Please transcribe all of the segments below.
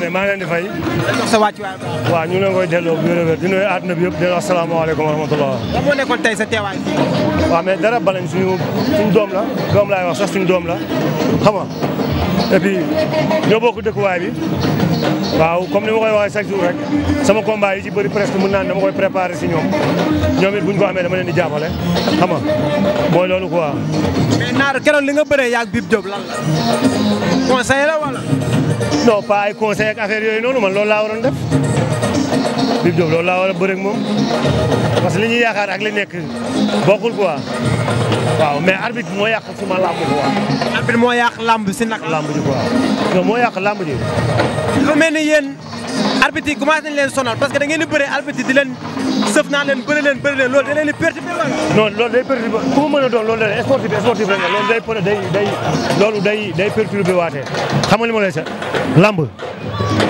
mais maa ngi leen di fay. waaw ñu ngi leen koy delloo bu wér a wér di nuyu àdduna bi yëpp di leen asalaamaaleykum wa rahmatulah. lan tey sa teewaay fii. waaw mais dara balañ suñu suñu doom la doom laay wax sax suñu doom la xam nga et puis ñoo bokk dëkkuwaay bi waaw comme ni ma koy waxee chaque jour rek sama combat yi ci bëri presque mën naa ne dama koy préparé si ñoom ñoom it bu ñu ko amee dama leen di jàppale xam nga mooy loolu quoi. mais Naar keroog li nga bëree yàgg Bib Diop lan la conseil la wala. non pas ay conseil ak affaire yooyu noonu man loolu laa waroon def. Bib Diop loolu laa war a moom parce que li ñuy yaakaar ak li nekk bokul quoi waaw mais arbitre moo yàq suma làmb quoi. arbitre moo yàq lamb si nag. làmb ji quoi non moo yàq làmb ji. dafa mel ni yéen arbitre yi commencé nañ leen sonal parce que da ngeen di bëre arbitre di leen sëf naa leen bëri leen bëri leen loolu da leen di perturbé wala. non loolu day perturbé ku mu mën day day pone day day loolu li mo lay lamb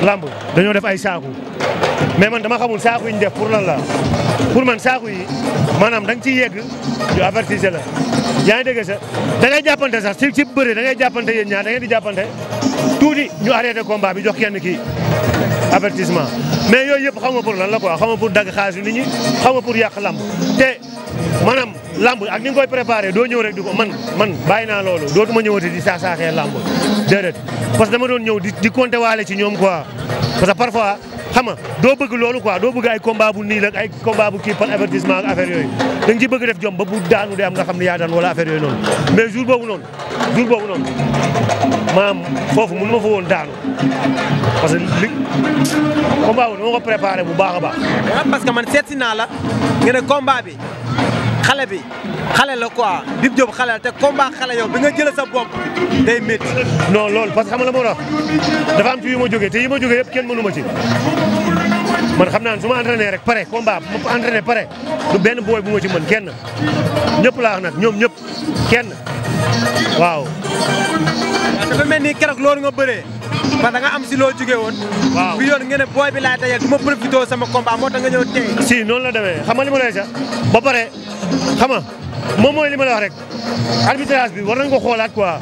làmb dañoo def ay saaku. mais man dama xamul saako yi ñu def pour lan la pour man saako yi maanaam da nga ciy yegg ñu la yaa ngi dégg sax da ngay jàppante sax ci ci bëre da ngay jàppante yéen ñaar da ngeen di jàppante tuuti ñu arrêté combat bi jox kenn ki avertissement mais yooyu yëpp xam nga pour lan la ko xam nga pour dagg xaalis yu nit ñi xam nga pour yàq lamb te maanaam lamb ak ni nga koy préparé doo ñëw rek di ko man man bàyyi naa loolu dootuma ñëwati di saax saaxee lamb déedéet parce que dama doon ñëw di di compter waale ci ñoom xam nga doo bëgg loolu ko doo bëgg ay combat bu nii rek ay combat bu kii par avertissement ak affaire yooyu da nga ci bëgg def jom ba bu daanu de am nga xam yaa daan wala affaire yooyu noonu mais jour boobu noonu jour boobu noonu maam foofu mënu ma fa woon daanu parce que li combat boobu dama ko bu baax a baax. parce que man seet naa la nga ne combat xale bi xale la quoi Bib Diop xale la te combat xale yow bi nga jëlee sa bopp day métti. non loolu parce que xam nga la moo tax dafa am ci yu ma jógee te yi ma jógee yëpp kenn mënu ma ci. man xam naa ne su ma entraîné rek pare combat bu ma entraîné pare du benn booy bu ma ci mën kenn ñëpp laa wax nag ñoom ñëpp kenn waaw. dafa mel ni keroog loolu nga bëree parce da nga am si loo jógee woon. waaw bi yoon ngeen ne booy bi laay dajal du ma profité sama combat moo tax nga ñëw tey. si noonu la demee xam nga li ma lay sax ba pare xam nga moom mooy li ma la wax rek arbitrage bi war nañ ko xoolaat quoi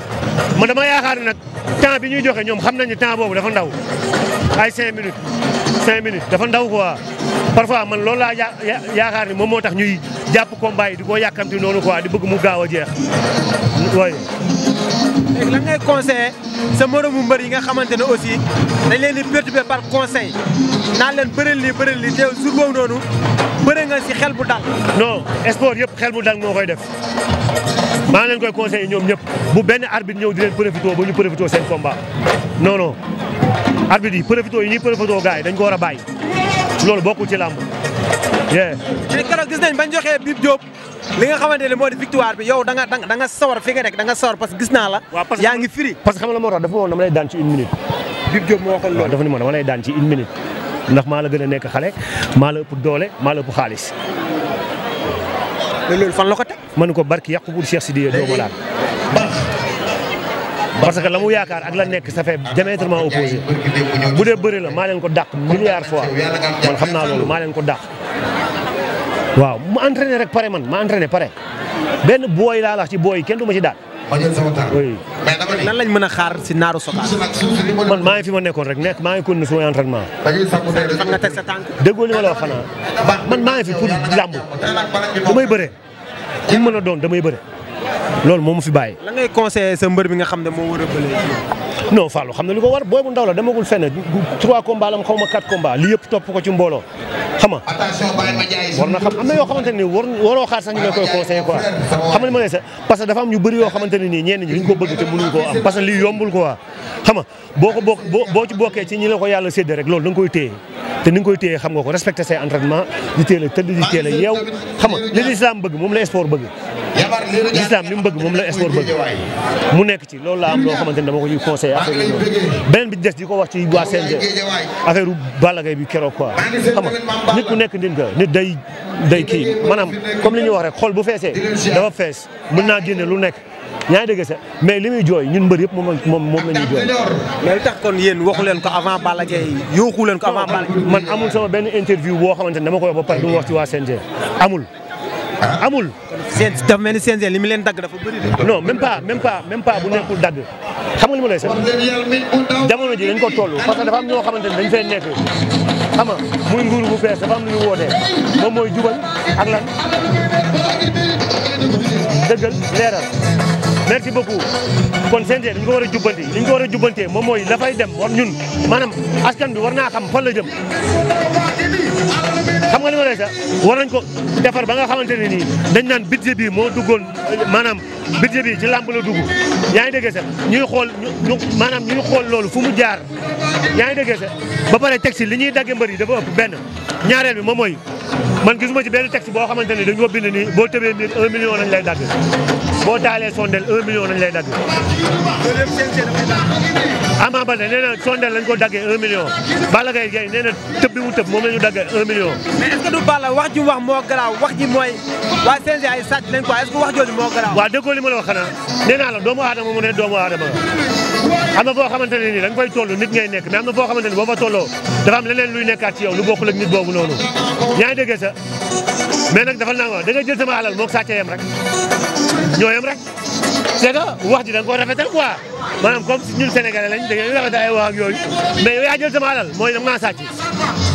man dama yaakaar ne nag temps bi ñuy joxe ñoom xam nañ ne temps boobu dafa ndaw ay 5 minutes 5 minutes dafa ndaw quoi parfois man loolu laa yaakaar ne moom moo tax ñuy jàpp combat yi di ko yàkkamti noonu quoi di bëgg mu gaaw a jeex. waay léegi lan ngay conseillé sa moromu mbër yi nga xamante ne aussi dañ leen di perturbé par conseil naan leen bëreel lii bëreel li te jour boobu noonu bëre nga si xel bu dal. non sport yëpp xel bu dal moo koy def maa ngi leen koy conseillé ñoom ñëpp bu benn arbitre ñëw di leen profité ba ñu profité seen combat non non arbitre yi profité yi ñuy profité gars yi dañ ko war a bàyyi loolu bokkul ci làmb. mais keroog gis nañ bañ joxee Bib Diop. li nga xamante ne moo di victoire bi yow da nga da nga sawar fi nga nekk da nga sawar parce que gis naa la. yaa ngi firi. parce que xam la moo tax dafa daan ci une minute. dafa ni ma dama lay ndax maa la gën a nekk xale maa la ëpp doole maa la ëpp xaalis. mais fan la ko teg. mën ko barki yàqu pour Cheikh Sidiye doomu laal. parce que la mu yaakaar ak la nekk sa fait diamétralement opposé bu dee bëri la maa leen ko dàq milliard fois man xam naa loolu maa leen ko dàq. waaw mu entraîné rek pare man ma entraîné pare benn booy laa lax ci booy kenn du ma ci daal. lan lañ mën a xaar si naaru Sokaar. man maa fi ma nekkoon rek nekk maa ngi continué sumay entraînement. fan nga teg sa tànk. déggoo li ma la wax xanaa man maa fi pour làmb damay bëre ku mën a doon damay bëre loolu moom ma fi bàyyi. lan ngay sa mbër mi nga xam ne moo war a non Fallou xam na li ko war booy bu ndaw la demagul fenn trois combats la am xaw ma quatre li yëpp topp ko ci mbooloo xam nga war na xam am na yoo xamante ne nii war waroo xaar sax ñu ngi koy conseillé quoi xam nga ma ne sax parce que dafa am ñu bëri yoo xamante ne nii ñenn ñi liñ ko bëgg te mënuñ koo am parce que li yombul quoi xam nga boo ko boo ci bokkee ci ñi la ko yàlla séddee rek loolu da nga koy téye te ni nga koy téye xam nga ko respecté say entraînement a a yeew xam moom la sport bëgg l'islam li mu bëgg moom la sport bëgg mu nekk ci loolu la am loo xamante ni dama ko ciy conseillé affaire yi beneen bi ci ko wax ci waa CNG affaire Balla Gaye bi keroog quoi xam nit ku nekk nit nga nit day day kii maanaam comme li ñuy wax rek xol bu feesee dafa fees mën naa génne lu nekk yaa ngi dégg sax mais li muy jooy ñun mbër yëpp moom moom moom la ñuy jooy. mais li tax kon yéen waxu leen ko avant Balla Gaye leen ko avant man amul sama benn interview boo xamante ne dama koy wax ba pare wax ci waa CNG amul ah. amul. seen dafa mel ni seen li mu leen dagg dafa bëri de. non même pas même pas bu nekkul dagg xam nga li ma lay seet jamono ji dañ ko toll parce que dafa am ñoo xamante ne dañ fee nekk xam nga muy nguur bu bees dafa am lu ñu wootee moom mooy jubal ak lan dëggal leeral. merci beaucoup kon CNG dañ ko war a jubbanti li ko war a jubbantee moom mooy la fay dem war ñun maanaam askan bi war naa xam fan la jëm xam nga li ma lay war nañ ko. defar ba nga xamante ne nii dañ naan budget bi moo duggoon maanaam budget bi ci làmb la dugg yaa ngi déggee sax ñuy xool ñu maanaam ñuy xool loolu fu mu jaar yaa ngi déggee sax pare teg si li ñuy dagge mbër yi dafa ëpp benn ñaareel bi moom mooy man gisuma ci benn texte boo xamante ni dañu ko bind ni boo tëbee mbir 1 million lañ lay dagg boo taalee sondel 1 million lañ lay dagg. Ama Baldé nee na sondel lañ ko daggee 1 million Balla Gaye Gaye nee na tëb bi mu tëb moom la ñu daggee 1 million. mais est ce du Balla wax ji wax moo garaaw wax ji mooy waa CNG ay sàcc lañ quoi est ce que wax jooju moo garaaw. waaw déggoo li ma la wax xanaa nee naa la doomu aadama mu ne doomu aadama la. am na foo xamante ne nii da nga fay toll nit nekk na foo xamante ne boo fa tolloo dafa am leneen luy nekkaat ci yow lu bokkul ak nit boobu noonu ñaa ngi déggee sa mais nag dafa naa ko wa nga jël sama alal moog sàcce yem rek ñoo yem rek c'est que wax ji da nga ko rafetal quoi maanaam comme ñun sénégalais lañ da ngeen rafetal ay wax ak yooyu mais yow yaa jël sama alal mooy dama ngaa sàcc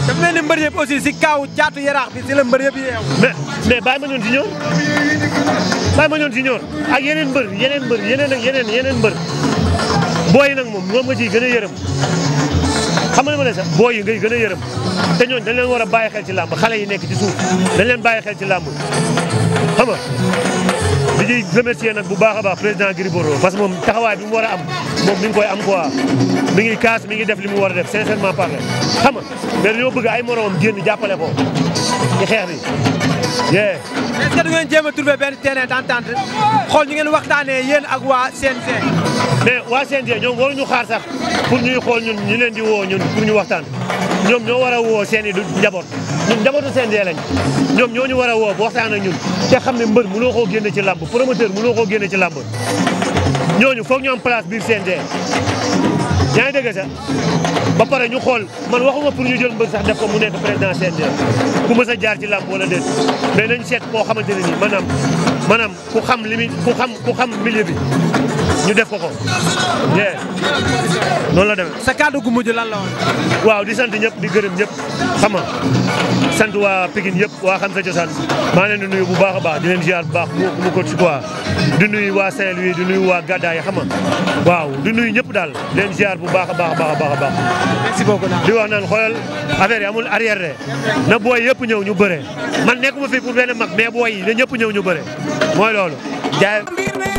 dafa mel ni mbër yëpp si kaaw caatu yaraax bi si la mbër yëpp yeewu mais mais bàyyi ma ñoon si ñoom bàyyi ma ñoon si ñoom ak yeneen mbër yeneen booy yi nag moom moom nga ciy gën a yërëm xam nga ma ne sax booy yi ngay gën a yërëm te ñooñu dañ leen war a bàyyi xel ci làmb xale yi nekk ci suuf dañ leen bàyyi xel ci làmb xam nga di ñuy remercier bu baax a baax président Gris Bordeaux parce que moom taxawaay bi mu war a am moom mi koy am quoi mi ngi kaas mi ngi def li mu war a def sincèrement parlé xam nga mais dañoo bëgg ay moromam génn jàppale ko ci xeex bi yee est-ce que du ngeen jéem a trouver xool ñu ngeen mais eh, waa CNG ñoom waruñu xaar sax pour ñuy xool ñun ñu leen di woo ñun pour ñu waxtaan ñoom ñoo war a woo seen i njaboot ñun njabootu CNG lañ ñoom ñoo ñu war a woo ba waxtaan a ñun te xam ne mbër mënoo koo génne ci làmb promoteur mënoo koo génne ci làmb ñooñu foog ñu am place biir CNG yaa ngi dégg sax ba pare ñu xool man waxuma pour ñu jël mbër sax def ko mu nekk président CNG ku mës a jaar ci làmb wala déet mais nañ seet koo xamante ne nii maanaam maanaam ku xam limi ku xam xam milieu bi ñu def ko ko. bien noonu la demee. sa kàddu gu mujj la waaw di sant ñëpp di gërëm ñëpp xama nga sant waa Pikine ñëpp waa xam sa cosaan maa leen di nuyu bu baax a baax di leen ziar bu baax mu mu ko ci quoi di nuyu waa Saint-Louis di nuyu waa Gadaye xam nga waaw di nuyu ñëpp daal di leen bu baax a baax a a baax. merci beaucoup di wax naan xoolal affaire amul arrière de na booy yëpp ñëw ñu bëre man nekkuma fii pour benn mag mais booy yi na ñëpp ñëw ñu bëre mooy loolu jaay.